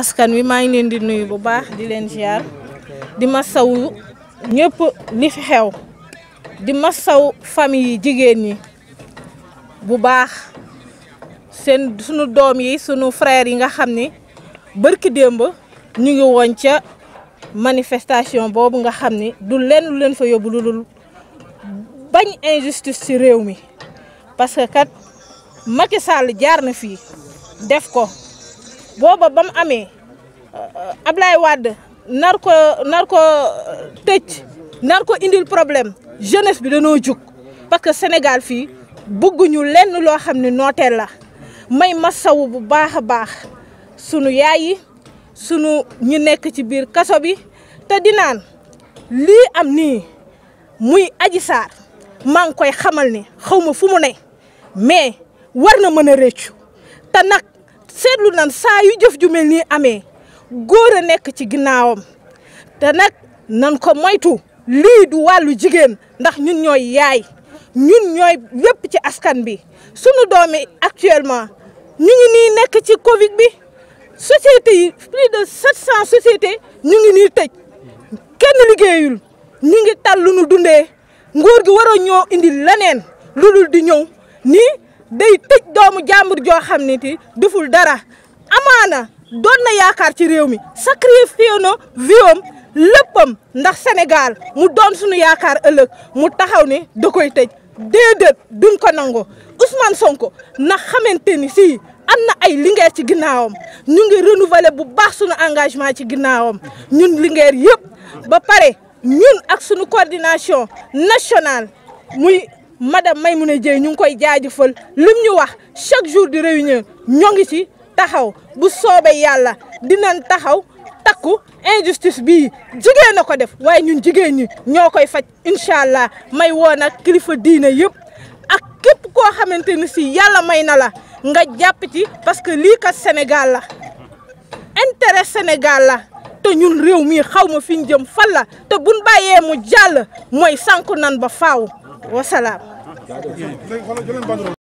askan wi maa ngi leen di nuyu bu baax di leen ziar di ma saw ñëpp li fi xew di ma saw famille yi jigéen ñi bu baax seen sunu doom yi sunu frères yi nga xam ni bërki démb ñu ngi woon ca manifestation boobu nga xam ni du leen lu leen fa yóbbu bañ injustice ci réew mi parce que kat Macky jaar na fii def ko booba ba mu amee euh, Ablaye Wade nar ko nar ko euh, tëj nar ko indil problème jeunesse bi dañoo jug parce que Sénégal fii bëgguñu lenn loo xam ne nooteel la may masawu bu baax a baax sunu yaay yi sunu ñu nekk ci biir kaso bi te dinaan naan lii am nii muy aji Sarr maa ngi koy xamal ni xaw ma fu mu ne mais war na mën a réccu te seetlu nan saa yu jëf ju mel nii amee góor a nekk ci ginnaawam te nag nan ko moytu lii du wàllu jigéen ndax ñun ñooy yaay ñun ñooy yépp ci askan bi sunu doom actuellement ñu ngi nii nekk ci Covid bi société yi plus de 700 sociétés ñu ngi nii tëj kenn liggéeyul ñu ngi tal lu nu dundee nguur gi waroo ñoo indi leneen lu dul di ñëw nii. day tëj doomu jàmbur joo xam ne ti deful dara amaana doon na yaakaar ci réew mi sacrifié na viom léppam ndax Sénégal mu doon suñu yaakaar ëllëg mu taxaw ne da koy tëj déedéet duñ ko nango Ousmane Sonko na xamante ni si am na ay lingeer ci ginnaawam ñu ngi renouveler bu baax suñu engagement ci ginnaawam ñun lingeer yëpp ba pare ñun ak suñu coordination nationale muy madame Maymouna Dieye ñu ngi koy jaajëfal lim ñu wax chaque jour di réunion ñoo ngi ci taxaw bu soobee yàlla di dinañ taxaw takku injustice bii jigéen na ko def waaye ñun jigéen ñi ñoo koy faj incha allah may woo nag kilifa diine yëpp ak képp koo xamante ni si yàlla may na la nga jàpp ci parce que lii kat Sénégal la intérêt Sénégal la te ñun réew mii xaw ma fi ñu jëm fan la te buñ bàyyee mu jàll mooy sànku nan ba faaw wasalaam jaajëf